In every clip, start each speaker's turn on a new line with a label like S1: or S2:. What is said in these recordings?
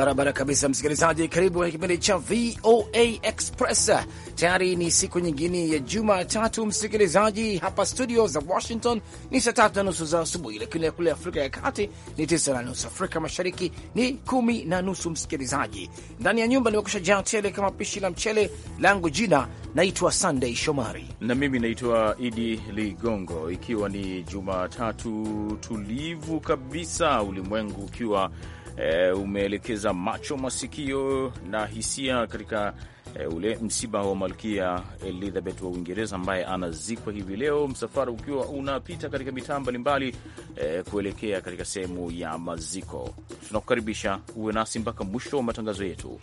S1: barabara kabisa, msikilizaji. Karibu kwenye kipindi cha VOA Express. Tayari ni siku nyingine ya juma tatu, msikilizaji. Hapa studio za Washington ni saa tatu na nusu za asubuhi, lakini kule Afrika ya Kati ni tisa na nusu, Afrika Mashariki ni kumi na nusu. Msikilizaji, ndani ya nyumba nimekusha jaa tele kama pishi la mchele langu. Jina naitwa Sunday Shomari na mimi naitwa
S2: Idi Ligongo, ikiwa ni juma tatu tulivu kabisa, ulimwengu ukiwa e, umeelekeza macho, masikio na hisia katika e, ule msiba wa Malkia Elizabeth wa Uingereza ambaye anazikwa hivi leo, msafara ukiwa unapita katika mitaa mbalimbali e, kuelekea katika sehemu ya maziko. Tunakukaribisha uwe nasi mpaka mwisho wa matangazo yetu.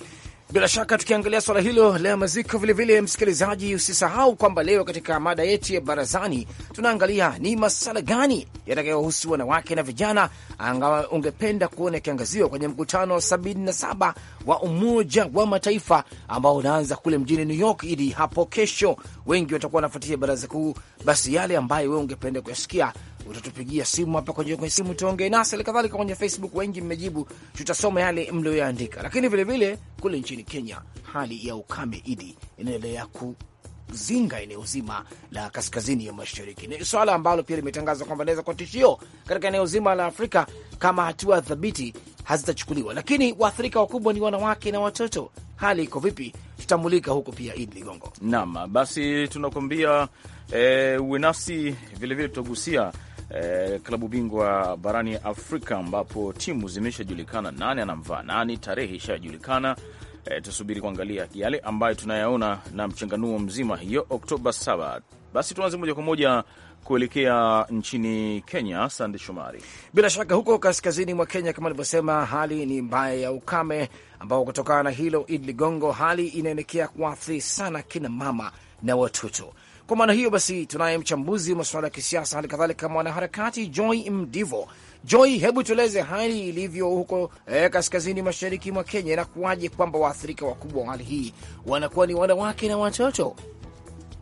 S1: Bila shaka tukiangalia swala hilo la maziko vilevile, msikilizaji, usisahau kwamba leo katika mada yetu ya barazani tunaangalia ni masala gani yatakayohusu wanawake na vijana angawa ungependa kuona ikiangaziwa kwenye mkutano wa 77 wa Umoja wa Mataifa ambao unaanza kule mjini New York ili hapo kesho. Wengi watakuwa wanafuatia baraza kuu, basi yale ambayo wewe ungependa kuyasikia utatupigia simu hapa kwenye, kwenye simu tuongee nasi, halikadhalika kwenye Facebook wengi mmejibu, tutasoma yale mlioyaandika. Lakini vilevile kule nchini Kenya hali ya ukame idi inaendelea ku zinga eneo zima la kaskazini ya mashariki. Ni swala ambalo pia limetangazwa kwamba inaweza kuwa tishio katika eneo zima la Afrika kama hatua thabiti hazitachukuliwa. Lakini waathirika wakubwa ni wanawake na watoto. Hali iko vipi? Tutamulika huko pia, Idi Ligongo.
S2: Naam, basi tunakuambia eh, uwe eh, nasi vilevile, tutagusia eh, klabu bingwa barani Afrika ambapo timu zimeshajulikana nani anamvaa nani, tarehe ishajulikana. Eh, tusubiri kuangalia yale ambayo tunayaona na mchanganuo mzima hiyo Oktoba 7. Basi tuanze moja kwa moja kuelekea nchini Kenya. Sande Shomari,
S1: bila shaka huko kaskazini mwa Kenya kama alivyosema, hali ni mbaya ya ukame, ambao kutokana na hilo Id Ligongo, hali inaelekea kuathiri sana kina mama na watoto kwa maana hiyo basi, tunaye mchambuzi wa masuala ya kisiasa, hali kadhalika mwanaharakati Joy Mdivo. Joy, hebu tueleze hali ilivyo huko eh, kaskazini mashariki mwa Kenya. Inakuwaje kwamba waathirika wakubwa wa hali hii wanakuwa ni wanawake na watoto?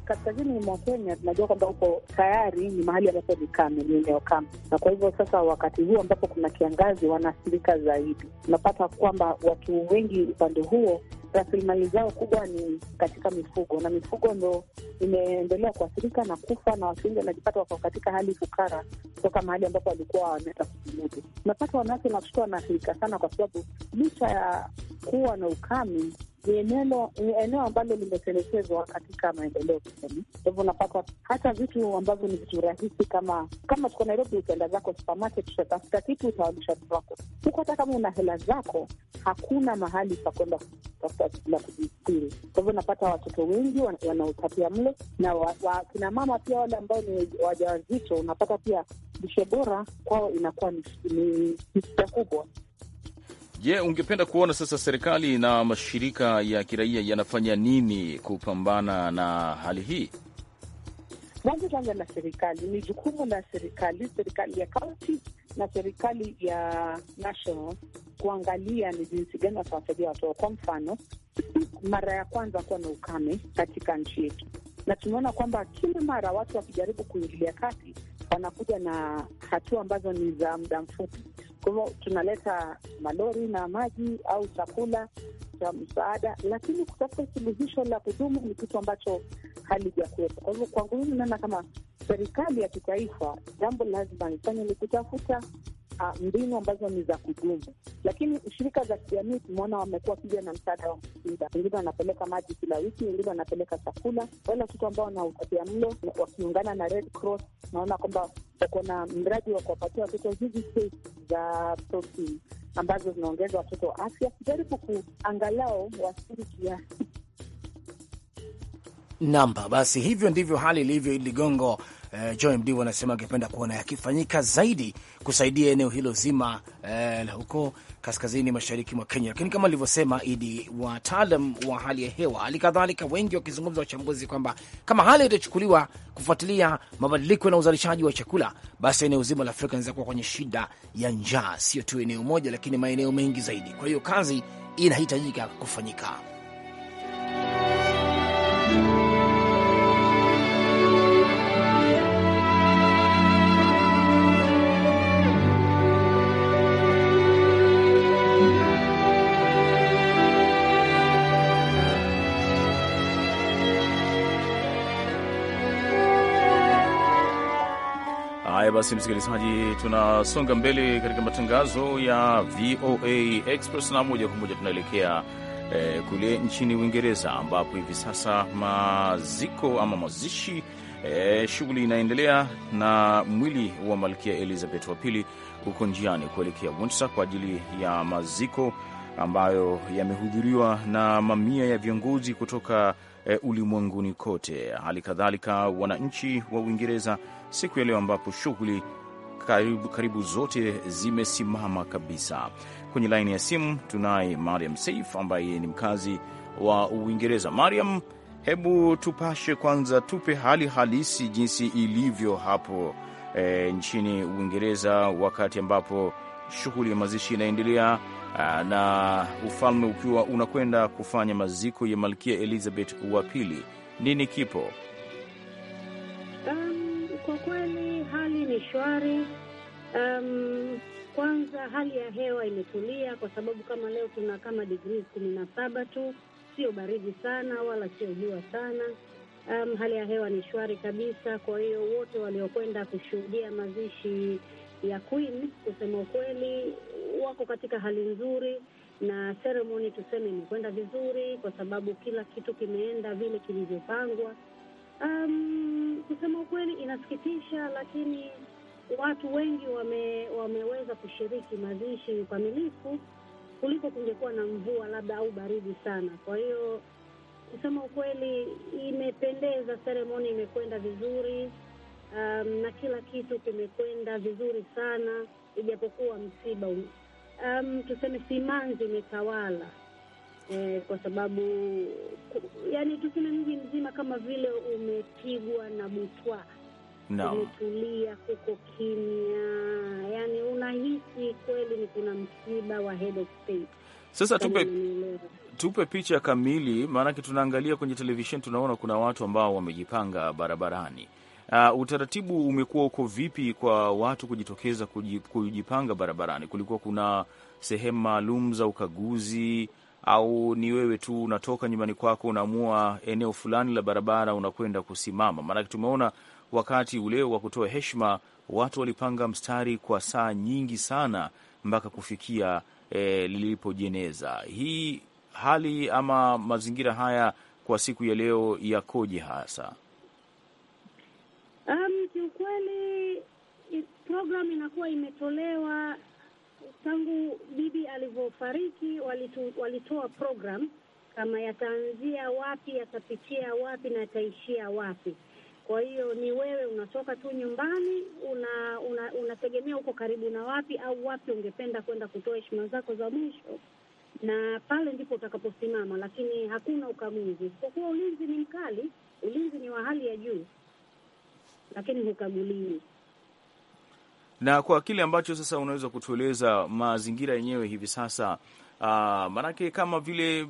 S3: Kaskazini mwa Kenya tunajua kwamba huko tayari ni mahali ambapo ni kame, ni eneo kame, na kwa hivyo sasa, wakati huu ambapo kuna kiangazi, wanaathirika zaidi. Unapata kwamba watu wengi upande huo rasilimali zao kubwa ni katika mifugo, na mifugo ndo imeendelea kuathirika na kufa, na watu wengi wanajipata wako katika hali fukara kutoka mahali ambapo walikuwa wanaweza kujimudu. Unapata wanawake na watoto wanaathirika sana, kwa sababu licha ya kuwa na ukame ni eneo ambalo limetelekezwa katika maendeleo kijamii. Kwa hivyo unapata hata vitu ambavyo ni vitu rahisi, kama kama tuko Nairobi, utaenda zako supermarket, utatafuta kitu, utawalisha wako huko. Hata kama una hela zako, hakuna mahali pa kwenda kutafuta chakula kujistiri. Kwa hivyo unapata watoto wengi wanaotapia mle na wakina mama pia wale ambao ni wajawazito, unapata pia lishe bora kwao inakuwa ni shida kubwa.
S2: Je, ungependa kuona sasa serikali na mashirika ya kiraia yanafanya nini kupambana na hali hii?
S3: Mwanzo kwanza, la serikali ni jukumu la serikali, serikali ya kaunti na serikali ya national kuangalia ni jinsi gani watawasaidia watoto. Kwa mfano, mara ya kwanza kuwa na ukame katika nchi yetu, na tumeona kwamba kila mara watu wakijaribu kuingilia kati wanakuja na hatua ambazo ni za muda mfupi kwa hivyo tunaleta malori na maji au chakula cha msaada, lakini kutafuta suluhisho la kudumu ni kitu ambacho halijakuwepo. Kwa hivyo kwangu mimi naona kama serikali ya kitaifa jambo lazima ifanye ni kutafuta Ah, mbinu ambazo ni za kudumu, lakini shirika za kijamii tumeona wamekuwa kija na msaada wa msiba. Wengine wanapeleka maji kila wiki, wengine wanapeleka chakula. Wale watoto ambao wana utapia mlo wakiungana na Red Cross, naona kwamba wako na mradi wa kuwapatia watoto hizi za protein ambazo zinaongeza watoto wa afya, kujaribu kuangalau wasiri kiasi
S1: namba. Basi hivyo ndivyo hali ilivyo, Idi Ligongo, eh, Joe Mdivo anasema angependa kuona yakifanyika zaidi kusaidia eneo hilo zima eh, la huko kaskazini mashariki mwa Kenya. Lakini kama alivyosema Idi, wataalam wa hali ya hewa hali kadhalika, wengi wakizungumza wachambuzi, kwamba kama hali itachukuliwa kufuatilia mabadiliko na uzalishaji wa chakula, basi eneo zima la Afrika linaweza kuwa kwenye shida ya njaa, sio tu eneo moja, lakini maeneo mengi zaidi. Kwa hiyo kazi inahitajika kufanyika.
S2: Haya basi, msikilizaji, tunasonga mbele katika matangazo ya VOA Express na moja kwa moja tunaelekea eh, kule nchini Uingereza ambapo hivi sasa maziko ama mazishi eh, shughuli inaendelea na mwili wa Malkia Elizabeth wa pili huko njiani kuelekea Windsor kwa ajili ya maziko ambayo yamehudhuriwa na mamia ya viongozi kutoka e, ulimwenguni kote. Hali kadhalika wananchi wa Uingereza siku ya leo ambapo shughuli karibu, karibu zote zimesimama kabisa. Kwenye laini ya simu tunaye Mariam saif ambaye ni mkazi wa Uingereza. Mariam, hebu tupashe kwanza, tupe hali halisi jinsi ilivyo hapo e, nchini Uingereza wakati ambapo shughuli ya mazishi inaendelea Ah, na ufalme ukiwa unakwenda kufanya maziko ya Malkia Elizabeth wa pili, nini kipo?
S4: Um, kwa kweli hali ni shwari. Um, kwanza hali ya hewa imetulia kwa sababu kama leo tuna kama digrii kumi na saba tu, sio baridi sana wala sio jua sana. Um, hali ya hewa ni shwari kabisa. Kwa hiyo wote waliokwenda kushuhudia mazishi ya Queen, kusema ukweli, wako katika hali nzuri na seremoni tuseme imekwenda vizuri, kwa sababu kila kitu kimeenda vile kilivyopangwa. Um, kusema ukweli inasikitisha, lakini watu wengi wame, wameweza kushiriki mazishi ukamilifu kuliko kungekuwa na mvua labda au baridi sana. Kwa hiyo kusema ukweli, imependeza, seremoni imekwenda vizuri um, na kila kitu kimekwenda vizuri sana, ijapokuwa msiba um, tuseme simanzi imetawala eh, kwa sababu yani tuseme mji mzima kama vile umepigwa na butwa no. Umetulia, kuko kimya, yani unahisi kweli ni kuna msiba wa head of state.
S2: Sasa yaani tupe, tupe picha kamili, maanake tunaangalia kwenye televisheni tunaona kuna watu ambao wamejipanga barabarani Uh, utaratibu umekuwa uko vipi kwa watu kujitokeza kujipanga barabarani? Kulikuwa kuna sehemu maalum za ukaguzi au ni wewe tu unatoka nyumbani kwako unaamua eneo fulani la barabara unakwenda kusimama? Maanake tumeona wakati ule wa kutoa heshima watu walipanga mstari kwa saa nyingi sana mpaka kufikia e, lilipojeneza. Hii hali ama mazingira haya kwa siku ya leo yakoje hasa?
S4: program inakuwa imetolewa tangu bibi alivyofariki. Walitoa program kama yataanzia wapi, yatapitia wapi na yataishia wapi. Kwa hiyo ni wewe unatoka tu nyumbani, una, una, unategemea uko karibu na wapi au wapi ungependa kwenda kutoa heshima zako za mwisho, na pale ndipo utakaposimama, lakini hakuna ukaguzi, isipokuwa ulinzi ni mkali, ulinzi ni wa hali ya juu, lakini hukaguliwi.
S2: Na kwa kile ambacho sasa unaweza kutueleza mazingira yenyewe hivi sasa, aa, ah, manake kama vile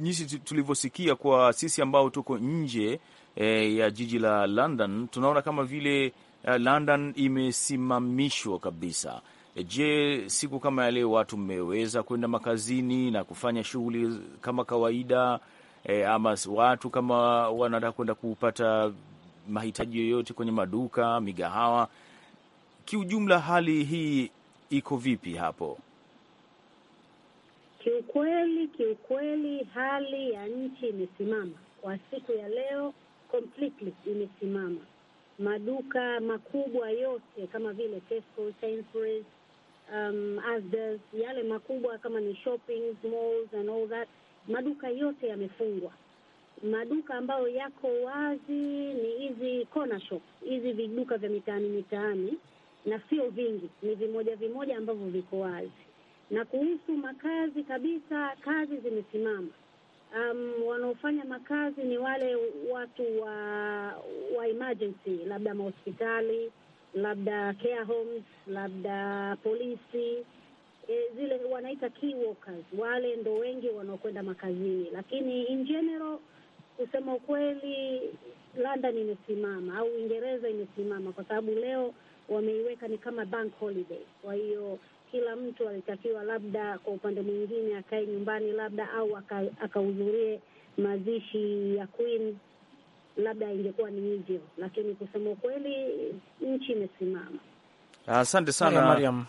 S2: nyisi tulivyosikia kwa sisi ambao tuko nje e, ya jiji la London tunaona kama vile uh, London imesimamishwa kabisa. Je, siku kama yaleo watu mmeweza kwenda makazini na kufanya shughuli kama kawaida e, ama watu kama wanataka kwenda kupata mahitaji yoyote kwenye maduka, migahawa kiujumla hali hii iko vipi hapo?
S4: Kiukweli, kiukweli hali ya nchi imesimama kwa siku ya leo, completely imesimama. Maduka makubwa yote kama vile Tesco, Sainsbury's, um, Asda's, yale makubwa kama ni shopping malls and all that, maduka yote yamefungwa. Maduka ambayo yako wazi ni hizi corner shops, hizi viduka vya mitaani mitaani na sio vingi, ni vimoja vimoja ambavyo viko wazi. Na kuhusu makazi kabisa, kazi zimesimama. Um, wanaofanya makazi ni wale watu wa wa emergency, labda mahospitali, labda care homes, labda polisi E, zile wanaita key workers, wale ndo wengi wanaokwenda makazini, lakini in general, kusema ukweli, London imesimama au Uingereza imesimama, kwa sababu leo wameiweka ni kama bank holiday. Kwa hiyo kila mtu alitakiwa labda kwa upande mwingine akae nyumbani labda au akahudhurie mazishi ya Queen, labda ingekuwa ni hivyo, lakini kusema ukweli, nchi imesimama.
S2: Asante sana Mariam.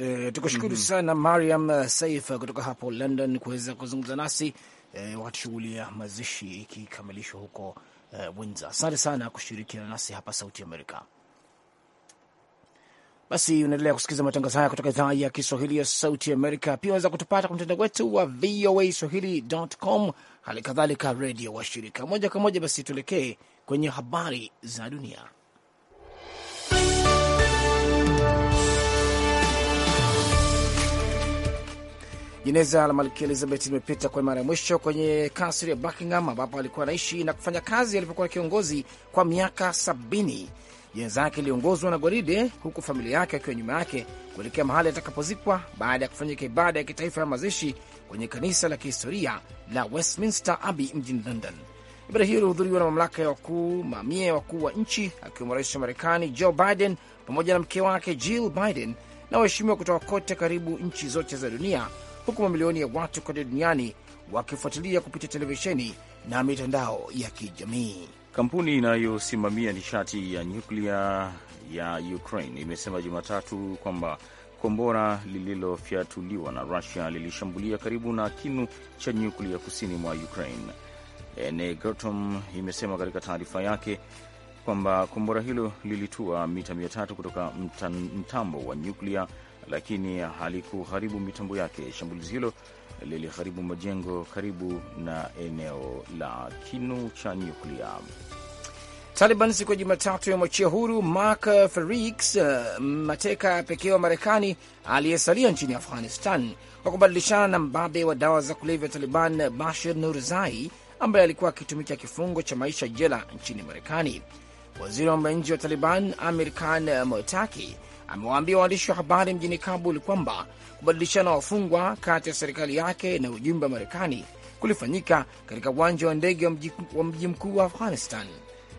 S1: E, tukushukuru mm -hmm. sana Mariam eh, Saif eh, kutoka hapo London kuweza kuzungumza nasi e, wakati shughuli ya mazishi ikikamilishwa huko e, Windsor. Asante sana kushirikiana nasi hapa Sauti Amerika. Basi unaendelea kusikiliza matangazo haya kutoka idhaa ya Kiswahili ya Sauti Amerika. Pia unaweza kutupata kwa mtandao wetu wa VOA Swahili.com, hali kadhalika redio wa shirika moja kwa moja. Basi tuelekee kwenye habari za dunia. Jeneza la Malkia Elizabeth limepita kwa mara ya mwisho kwenye kasri ya Buckingham ambapo alikuwa anaishi na kufanya kazi alipokuwa kiongozi kwa miaka sabini Jeneza yake iliongozwa na gwaride, huku familia yake akiwa nyuma yake kuelekea mahali atakapozikwa baada ya kufanyika ibada ya kitaifa ya mazishi kwenye kanisa la kihistoria la Westminster Abbey mjini London. Ibada hiyo ilihudhuriwa na mamlaka ya wakuu mamia ya wakuu wa nchi akiwemo rais wa Marekani Joe Biden pamoja na mke wake Jill Biden na waheshimiwa kutoka kote karibu nchi zote za dunia, huku mamilioni ya watu kote duniani wakifuatilia kupitia televisheni na mitandao ya kijamii.
S2: Kampuni inayosimamia nishati ya nyuklia ya Ukraine imesema Jumatatu kwamba kombora lililofyatuliwa na Rusia lilishambulia karibu na kinu cha nyuklia kusini mwa Ukraine. Energoatom imesema katika taarifa yake kwamba kombora hilo lilitua mita tatu kutoka mtambo wa nyuklia, lakini halikuharibu mitambo yake. Shambulizi hilo liliharibu majengo karibu na eneo
S1: la kinu cha nyuklia. Taliban siku ya Jumatatu yamwachia huru Mark Ferix, uh, mateka pekee wa Marekani aliyesalia nchini Afghanistan kwa kubadilishana na mbabe wa dawa za kulevya Taliban Bashir Nurzai ambaye alikuwa akitumikia kifungo cha maisha jela nchini Marekani. Waziri wa mambo ya nje wa Taliban Amir Khan Motaki amewaambia waandishi wa habari mjini Kabul kwamba kubadilishana wafungwa kati ya serikali yake na ujumbe wa Marekani kulifanyika katika uwanja wa ndege wa mji mkuu wa Afghanistan.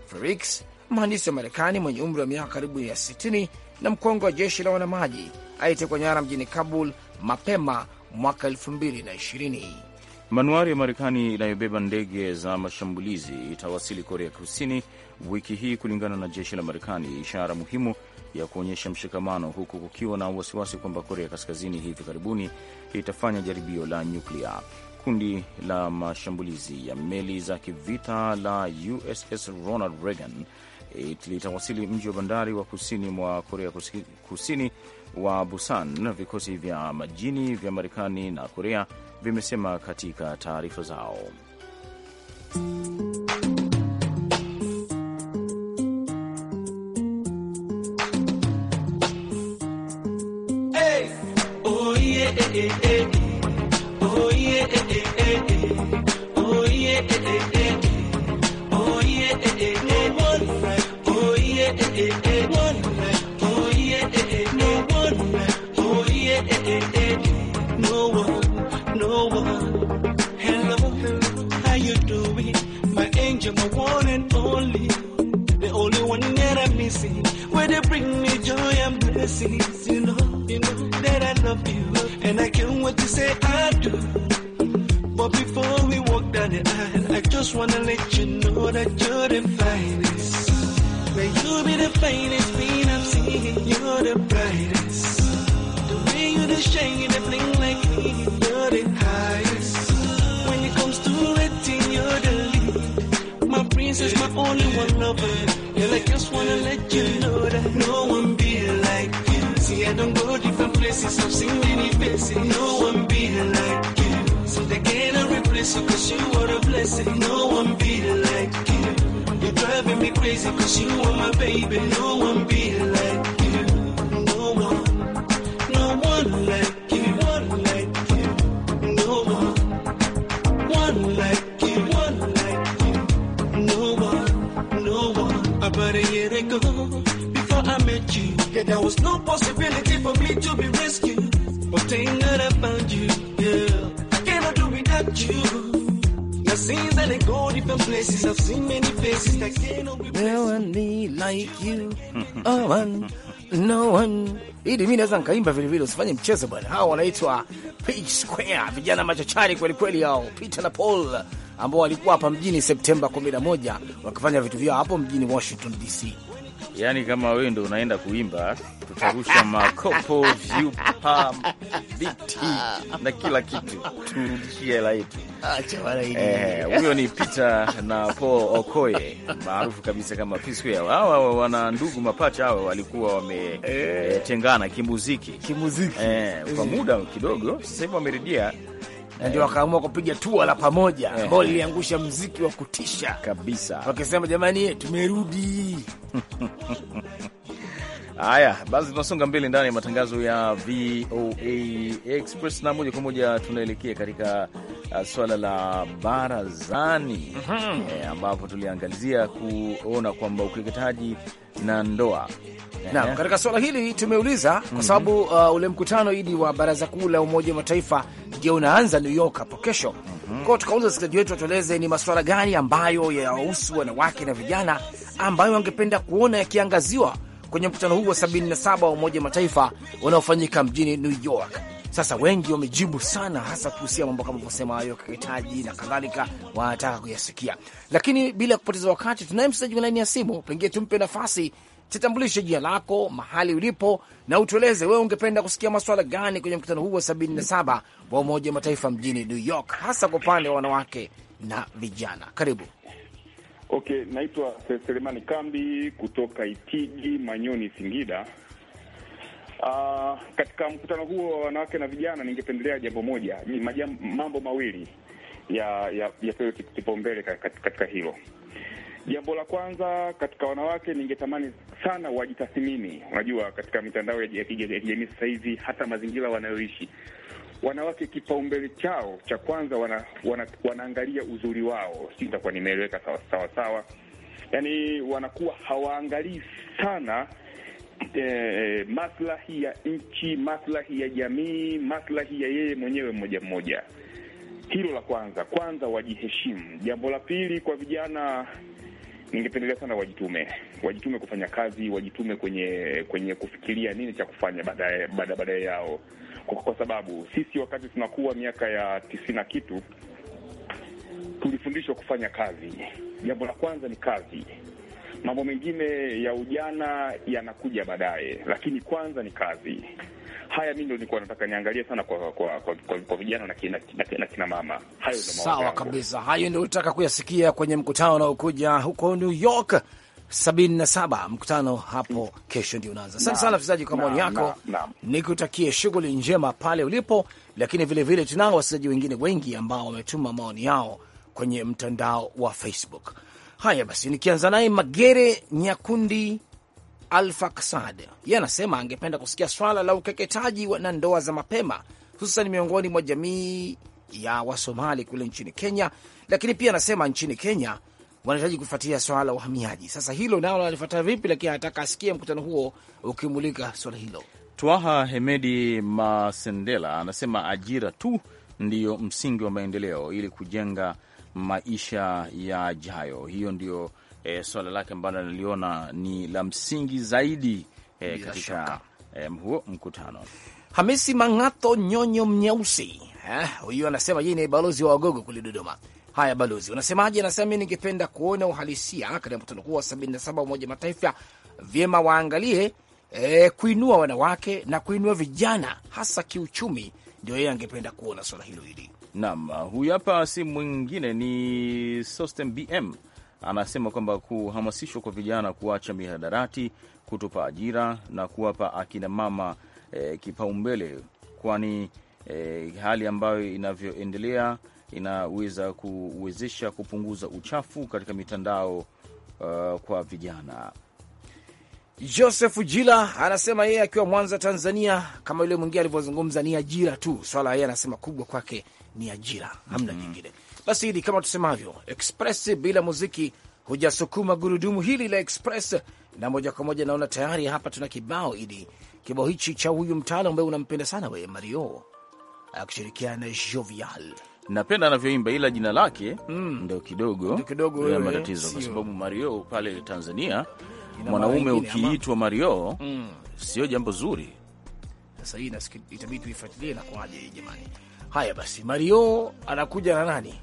S1: Freriks, mhandisi wa Marekani mwenye umri wa miaka karibu ya 60 na mkongwe wa jeshi la wanamaji aliyetekwa nyara mjini Kabul mapema mwaka 2020.
S2: Manuari ya Marekani inayobeba ndege za mashambulizi itawasili Korea Kusini wiki hii kulingana na jeshi la Marekani, ishara muhimu ya kuonyesha mshikamano, huku kukiwa na wasiwasi kwamba Korea Kaskazini hivi karibuni itafanya jaribio la nyuklia kundi la mashambulizi ya meli za kivita la USS Ronald Reagan eh, litawasili mji wa bandari wa kusini mwa Korea Kusini wa Busan, vikosi vya majini vya Marekani na Korea vimesema katika taarifa zao.
S5: when we walk down the aisle, I just wanna let you know that you're the finest. May you be the finest thing I'm seeing. You're the brightest. The way you the shine, you the bling like me. You're the highest. When it comes to acting, you're the lead. My princess, my only one lover. Yeah, I just wanna let you know that no one be like you. See, I don't go different places. I've seen many faces. No one be like so they cannot replace you cause you are a blessing. No one be like you. You're driving me crazy cause you are my baby. No one be like you. No one, no one like you. One like you. No one, one like you. One like you. No one, no one. About a year ago, before I met you, yeah, there was no possibility for me to be rescued. But thank God I found you, yeah.
S1: Ili mi naweza nkaimba vilevile, usifanye mchezo bwana. Hawa wanaitwa Page Square, vijana machachari kwelikweli hao, Peter na Paul ambao walikuwa hapa mjini Septemba 11 wakifanya vitu vyao hapo mjini Washington DC.
S2: Yaani kama wewe ndo unaenda kuimba, tutarusha makopo, vyupa, viti na kila kitu. Turudishie hela yetu. Eh, huyo ni Peter na Paul Okoye maarufu kabisa kama P Square. Hawa wana ndugu mapacha, hawa walikuwa wametengana kimuziki, kimuziki, eh, kwa muda
S1: kidogo. Sasa hivi wameridia na ndio wakaamua kupiga tua la pamoja eh. ambao liliangusha mziki wa kutisha kabisa, wakisema jamani, eh, tumerudi.
S2: Haya basi, tunasonga mbele ndani ya matangazo ya VOA Express na moja kwa moja tunaelekea katika Uh, swala la barazani mm -hmm. E, ambapo tuliangazia kuona kwamba ukeketaji na
S1: ndoa na eh. katika suala hili tumeuliza kwa mm -hmm. sababu uh, ule mkutano idi wa Baraza Kuu la Umoja wa Mataifa ndio unaanza New York hapo kesho mm -hmm. kwao, tukauliza wasikilizaji wetu watueleze ni maswala gani ambayo yawahusu wanawake na vijana ambayo wangependa kuona yakiangaziwa kwenye mkutano huu wa 77 wa Umoja wa Mataifa unaofanyika mjini New York. Sasa wengi wamejibu sana, hasa kuhusia mambo kama kusema hayo kakitaji na kadhalika, wanataka kuyasikia. Lakini bila kupoteza wakati, tunaye msikilizaji wa laini ya simu, pengine tumpe nafasi, tutambulishe jina lako, mahali ulipo, na utueleze wewe ungependa kusikia maswala gani kwenye mkutano huu wa saba wa Umoja Mataifa mjini New York, hasa kwa upande wa wanawake na
S6: vijana. Karibu. Okay, naitwa Selemani Kambi kutoka Itigi, Manyoni, Singida. Uh, katika mkutano huo wa wanawake na vijana, ningependelea jambo moja, mambo mawili ya yapewe ya kipaumbele katika hilo. Jambo la kwanza, katika wanawake ningetamani sana wajitathmini. Unajua, katika mitandao ya kijamii sasa hivi, hata mazingira wanayoishi wanawake, kipaumbele chao cha kwanza wana, wana, wanaangalia uzuri wao. si nitakuwa nimeeleweka sawa sawa sawa. Yani wanakuwa hawaangalii sana Eh, eh, maslahi ya nchi, maslahi ya jamii, maslahi ya yeye mwenyewe mmoja mmoja. Hilo la kwanza, kwanza wajiheshimu. Jambo la pili, kwa vijana ningependelea sana wajitume, wajitume kufanya kazi, wajitume kwenye kwenye kufikiria nini cha kufanya baadaye baada baadaye yao, kwa, kwa sababu sisi wakati tunakuwa miaka ya tisini na kitu tulifundishwa kufanya kazi. Jambo la kwanza ni kazi Mambo mengine ya ujana yanakuja baadaye, lakini kwanza ni kazi. Haya, mi ndo nilikuwa nataka niangalie sana kwa kwa kwa kwa, kwa, kwa vijana na kina, na, na kina mama. Hayo ndo sawa
S1: kabisa, hayo ndo ulitaka kuyasikia kwenye mkutano unaokuja huko New York sabini na saba. Mkutano hapo kesho ndio unaanza. Asante sana wasikilizaji kwa maoni yako, nikutakie shughuli njema pale ulipo. Lakini vilevile tunao wasikilizaji wengine wengi ambao wametuma maoni yao kwenye mtandao wa Facebook. Haya basi, nikianza naye Magere Nyakundi Alfaksad, yeye anasema angependa kusikia swala la ukeketaji na ndoa za mapema, hususan miongoni mwa jamii ya Wasomali kule nchini Kenya, lakini pia anasema nchini Kenya wanahitaji kufuatia swala la uhamiaji. Sasa hilo nalo alifuata vipi, lakini anataka asikie mkutano huo ukimulika swala hilo.
S2: Twaha Hemedi Masendela anasema ajira tu ndiyo msingi wa maendeleo ili kujenga maisha yajayo. Hiyo ndio e, swala lake ambalo analiona ni la msingi
S1: zaidi e, katika e, huo mkutano. Hamisi Mang'ato Nyonyo Mnyeusi huyu eh, anasema yeye ni balozi wa Wagogo kule Dodoma. Haya balozi, unasemaje? Anasema mi ningependa kuona uhalisia katika mkutano kuu wa sabini na 77 Umoja Mataifa, vyema waangalie e, kuinua wanawake na kuinua vijana hasa kiuchumi, ndio yeye angependa kuona swala hilo hili
S2: Naam, huyu hapa si mwingine ni Sostem BM anasema kwamba kuhamasishwa kwa vijana kuacha mihadarati, kutupa ajira na kuwapa akinamama e, kipaumbele, kwani e, hali ambayo inavyoendelea inaweza kuwezesha kupunguza
S1: uchafu katika mitandao uh, kwa vijana. Joseph Jila anasema yeye akiwa Mwanza, Tanzania, kama yule mwingine alivyozungumza, ni ajira tu swala. Yeye anasema kubwa kwake ni ajira, hamna mm -hmm. nyingine. Basi hili kama tusemavyo, express bila muziki hujasukuma gurudumu hili la express. Na moja kwa moja naona tayari hapa tuna kibao idi, kibao hichi cha huyu mtaalam ambaye unampenda sana wewe, Mario akishirikiana na Jovial
S2: napenda anavyoimba ila jina lake mm. ndo kidogo ndo kidogo matatizo, kwa sababu Mario pale Tanzania
S1: mwanaume ukiitwa
S2: Mario mm, sio jambo zuri.
S1: Sasa hii itabidi tuifuatilie inakuwaje jamani.
S2: Haya basi, Mario anakuja na nani?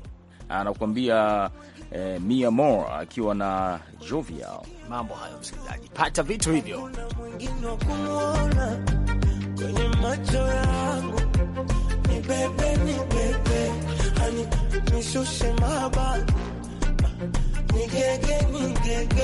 S2: Anakuambia eh, Mia Moore akiwa na Jovial. Mambo hayo msikilizaji, pata vitu
S5: hivyo kwenye macho yangu ni bebe, ni hani nishushe nigege, nigege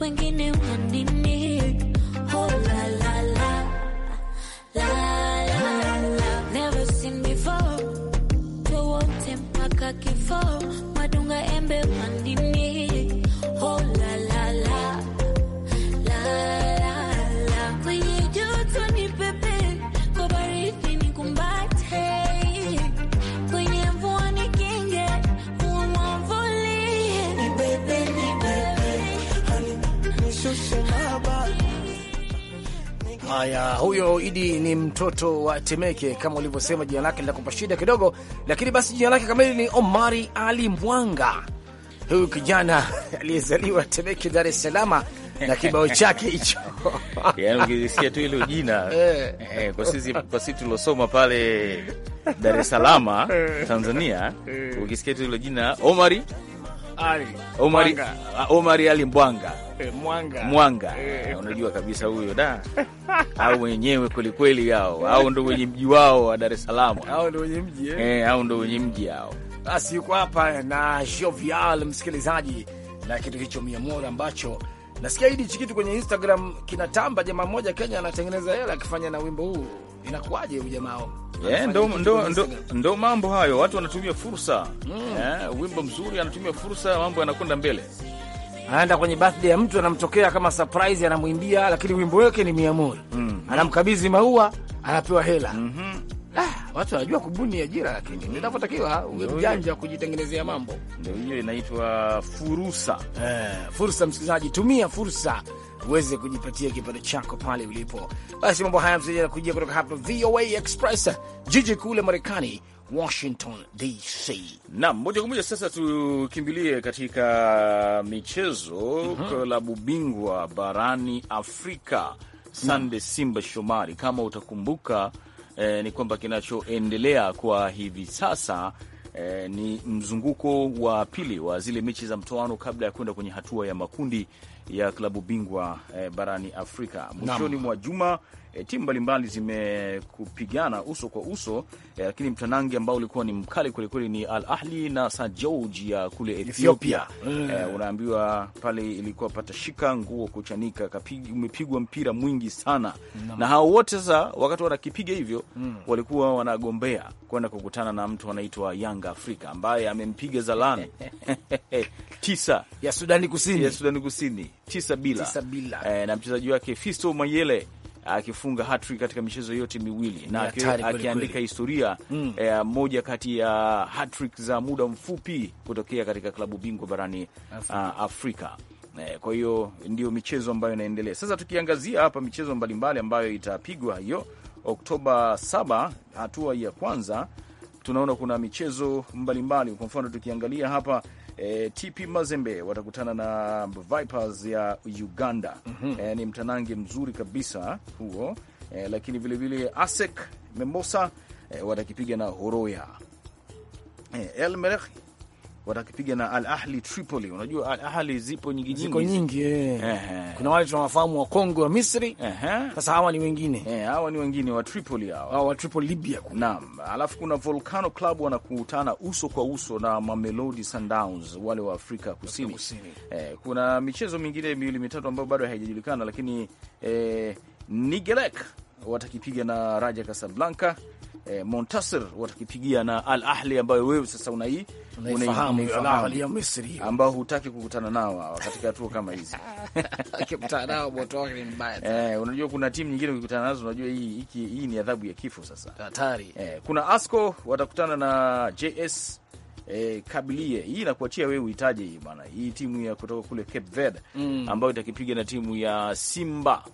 S5: wengine wanini
S1: Haya, huyo Idi ni mtoto wa Temeke kama ulivyosema, jina lake litakupa shida kidogo, lakini basi jina lake kamili ni Omari Ali Mwanga, huyu kijana aliyezaliwa Temeke, Dar es Salaam na kibao chake hicho
S2: yaani ukisikia tu hilo jina eh. eh, kwa sisi kwa sisi tulosoma pale Dar es Salaam eh. Tanzania, eh. ukisikia tu hilo jina Omari ali Omari, Omari Ali Mwanga eh, Mwanga, Mwanga. Eh, ah, unajua kabisa huyo da au wenyewe kweli kweli yao au ndo wenye mji wao wa Dar es Salaam
S1: au ndo wenye mji eh Eh,
S2: au ndo wenye mji yao.
S1: Basi yuko hapa na Jovial msikilizaji na kitu hicho miamoro ambacho nasikia hidi chikitu kwenye Instagram kinatamba. Jamaa mmoja Kenya anatengeneza hela akifanya na wimbo huu inakuwaje huyu jamaa? Yeah, ndo, ndo, ndo,
S2: ndo mambo hayo, watu wanatumia fursa mm. Yeah, wimbo mzuri anatumia
S1: fursa, mambo yanakwenda mbele. Anaenda kwenye birthday ya mtu, anamtokea kama surprise, anamwimbia lakini wimbo wake ni miamuri mm. anamkabidhi maua, anapewa hela mm -hmm. Ah, watu wanajua kubuni ajira lakini mm. inavyotakiwa uwe mjanja kujitengenezea mambo. Ndio hiyo inaitwa fursa. Eh, fursa msikilizaji, tumia fursa uweze kujipatia kipato chako pale ulipo. Basi mambo haya msikilizaji, anakujia kutoka hapa VOA Express, jiji kuu la Marekani, Washington DC. Naam, moja kwa moja sasa tukimbilie
S2: katika michezo. mm -hmm. Klabu bingwa barani Afrika Sande mm. Simba Shomari, kama utakumbuka eh, ni kwamba kinachoendelea kwa hivi sasa eh, ni mzunguko wa pili wa zile mechi za mtoano kabla ya kwenda kwenye hatua ya makundi ya klabu bingwa eh, barani Afrika mwishoni mwa juma e, timu mbalimbali zimekupigana uso kwa uso e, lakini mtanangi ambao ulikuwa ni mkali kwelikweli ni Al Ahli na St George ya kule Ethiopia, Ethiopia. E, unaambiwa pale ilikuwa pata shika nguo kuchanika kapigi, umepigwa mpira mwingi sana no. na hao wote sasa wakati wanakipiga hivyo mm. walikuwa wanagombea kwenda kukutana na mtu anaitwa Yanga Afrika ambaye amempiga Zalani tisa ya Sudani Kusini, ya Sudani Kusini tisa bila, tisa bila. E, na mchezaji wake Fisto Mayele akifunga hattrick katika michezo yote miwili na akiandika historia mm. eh, moja kati ya hattrick za muda mfupi kutokea katika klabu bingwa barani Afrika, uh, Afrika. Eh, kwa hiyo ndio michezo ambayo inaendelea sasa. Tukiangazia hapa michezo mbalimbali ambayo itapigwa hiyo Oktoba 7 hatua ya kwanza, tunaona kuna michezo mbalimbali. Kwa mfano tukiangalia hapa E, eh, TP Mazembe watakutana na Vipers ya Uganda. mm -hmm. E, ni mtanange mzuri kabisa huo. E, lakini vilevile ASEC membosa e, watakipiga na Horoya. E, El Merreikh watakipiga na Al Ahli Tripoli. Unajua Al Ahli zipo nyingi nyingi, ziko nyingi eh. Kuna wale tunawafahamu wa Kongo wa Misri eh. Sasa hawa ni wengine eh, hawa ni wengine wa Tripoli hawa. Hawa wa Tripoli Libya. Naam, alafu kuna Volcano Club wanakutana uso kwa uso na Mamelodi Sundowns wale wa Afrika Kusini. Eh, kuna michezo mingine miwili mitatu ambayo bado haijajulikana lakini eh, Nigelek watakipiga na Raja Kasablanka. E, eh, Montasir watakipigia na Al Ahli ambayo wewe sasa hii unaifahamu Al Ahli ya Misri ambao hutaki kukutana nao katika hatua kama hizi.
S1: Akikutana nao moto wake ni mbaya
S2: Eh, unajua kuna timu nyingine ukikutana nazo unajua hii hii ni adhabu ya kifo sasa. Hatari. Eh, kuna Asco watakutana na JS eh, kabilie hii inakuachia wewe uitaje hii bana, hii timu ya kutoka kule Cape Verde mm. ambayo itakipiga na timu ya Simba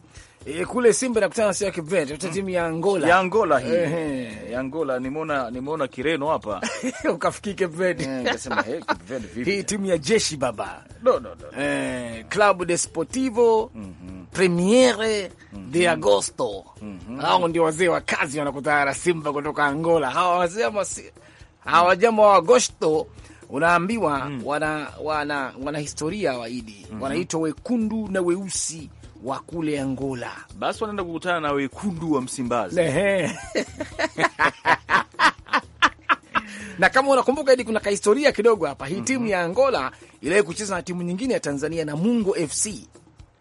S1: E, kule Simba nakutana sio Kivete uta mm. timu ya Angola ya Angola hii eh, eh. ya Angola nimeona nimeona Kireno hapa ukafikia Kivete e, eh, nikasema hey, Kivete vipi hii timu ya jeshi baba
S2: no no no
S1: eh Club Desportivo mm -hmm. Premiere mm -hmm. de Agosto mm -hmm. hao ndio wazee wa kazi wanakutana na Simba kutoka Angola hawa wazee wa hawajambo hmm. wa Agosto unaambiwa mm. wana, wana, wana historia waidi mm -hmm. wanaitwa wekundu na weusi wa kule Angola, basi wanaenda kukutana na wekundu wa Msimbazi na kama unakumbuka hidi, kuna kahistoria kidogo hapa, hii mm -hmm. timu mhm. ya Angola iliwahi kucheza na timu nyingine ya Tanzania na Mungo FC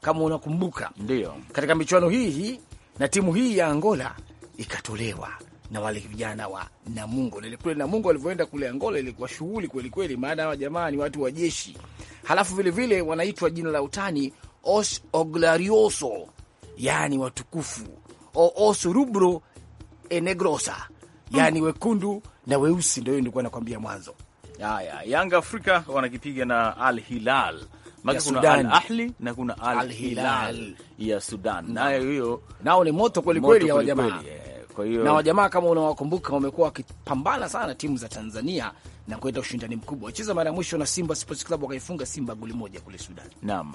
S1: kama unakumbuka, ndio katika michuano hii hii, na timu hii ya Angola ikatolewa na wale vijana wa Namungo. Na kule Namungo walivyoenda kule Angola ilikuwa shughuli kweli kweli, maana hawa jamaa ni watu wa jeshi, halafu vilevile vile wanaitwa jina la utani os oglarioso, yani watukufu, o os rubro enegrosa, yani mm, wekundu na weusi. Ndio hiyo nilikuwa nakwambia mwanzo.
S2: Haya, Yanga Afrika wanakipiga na Al Hilal kuna Al Ahli na kuna Al Hilal ya
S1: Sudan, nayo hiyo nao ni moto kwelikweli, hawa jamaa.
S2: Kwa hiyo na wajamaa
S1: kama unawakumbuka, wamekuwa wakipambana sana timu za Tanzania na kuleta ushindani mkubwa. Wacheza mara ya mwisho na Simba Sports Club wakaifunga Simba goli moja kule Sudan. Naam,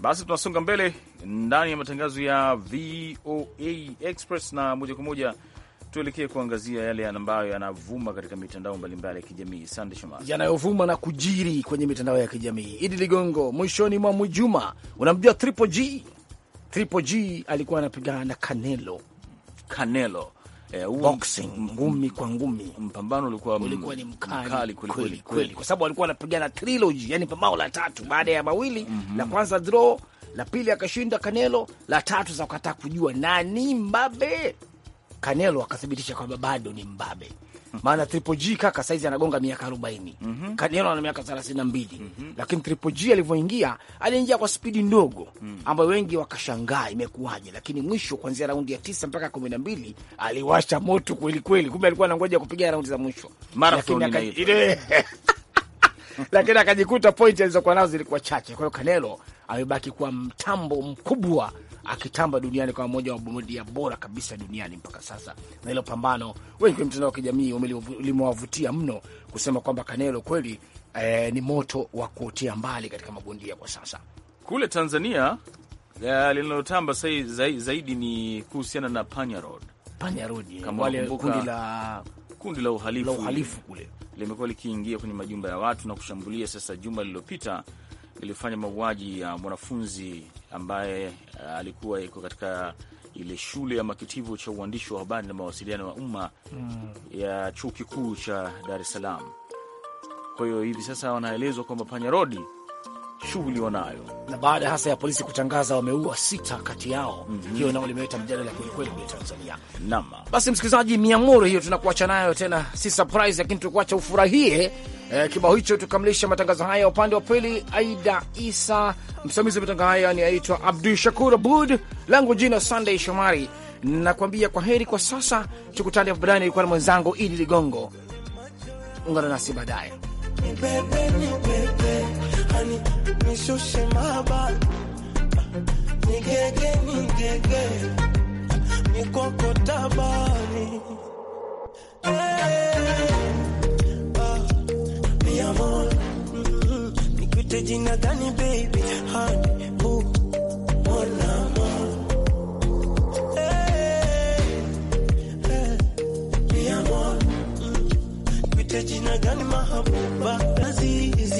S2: basi tunasonga mbele ndani ya matangazo ya VOA Express na moja kwa moja tuelekee kuangazia yale ambayo yanavuma katika mitandao mbalimbali ya kijamii. Sande Shomari, yanayovuma
S1: na kujiri kwenye mitandao ya kijamii. Idi Ligongo, mwishoni mwa Mwijuma, unamjua Triple G? Triple G alikuwa anapigana na Canelo. Canelo eh, boxing ngumi kwa ngumi, mpambano ulikuwa ulikuwa ni mkali kweli kweli, kwa sababu alikuwa anapigana trilogy, yani pambano la tatu baada ya mawili mm -hmm. la kwanza draw, la pili akashinda Canelo, la tatu za kukataa kujua nani mbabe. Canelo akathibitisha kwamba bado ni mbabe. maana Triple G kaka saizi anagonga miaka arobaini mm -hmm. Canelo ana miaka thelathini na mbili mm -hmm. Lakini Triple G alivyoingia, aliingia kwa spidi ndogo mm ambayo wengi wakashangaa imekuwaje, lakini mwisho kuanzia raundi ya tisa mpaka kumi na mbili aliwasha moto kweli kweli. Kumbe alikuwa anangoja kupiga raundi za mwisho lakini akajikuta pointi alizokuwa nazo zilikuwa chache. Kwa hiyo Canelo amebaki kuwa mtambo mkubwa akitamba duniani kama mmoja wa bondia bora kabisa duniani mpaka sasa, na hilo pambano wengi kwenye mtandao wa kijamii limewavutia mno kusema kwamba Canelo kweli eh, ni moto wa kuotea mbali katika mabondia kwa sasa.
S2: Kule Tanzania eh, linalotamba zaidi, zaidi ni kuhusiana na Panya Road.
S1: Panya Road kama wale kundi la
S2: kundi la uhalifu, la uhalifu kule limekuwa likiingia kwenye majumba ya watu na kushambulia. Sasa juma lililopita iliyofanya mauaji ya mwanafunzi ambaye uh, alikuwa iko katika ile shule ama kitivo cha uandishi wa habari na mawasiliano ya umma mm, ya chuo kikuu cha Dar es Salaam. Kwa hiyo hivi sasa wanaelezwa kwamba panya
S1: rodi shughuli wanayo, na baada hasa ya polisi kutangaza wameua sita kati yao mm -hmm. Hiyo nao limeleta mjadala kwelikweli kule Tanzania. Naam, basi msikilizaji, miamoro hiyo tunakuacha nayo tena, si surprise, lakini tukuacha ufurahie eh, kibao hicho. Tukamilisha matangazo haya upande wa pili, Aida Isa msimamizi wa matangazo haya ni aitwa Abdul Shakur Abud, langu jina Sunday Shomari, nakwambia kwa heri kwa sasa, tukutane. Ilikuwa na mwenzangu Idi Ligongo, ungana nasi baadaye.
S5: Ah, nibebe nibebe, hani nishushe nigege nigege, ah, mm-hmm. nikoko tabani jina gani baby hani Niite but gani easy.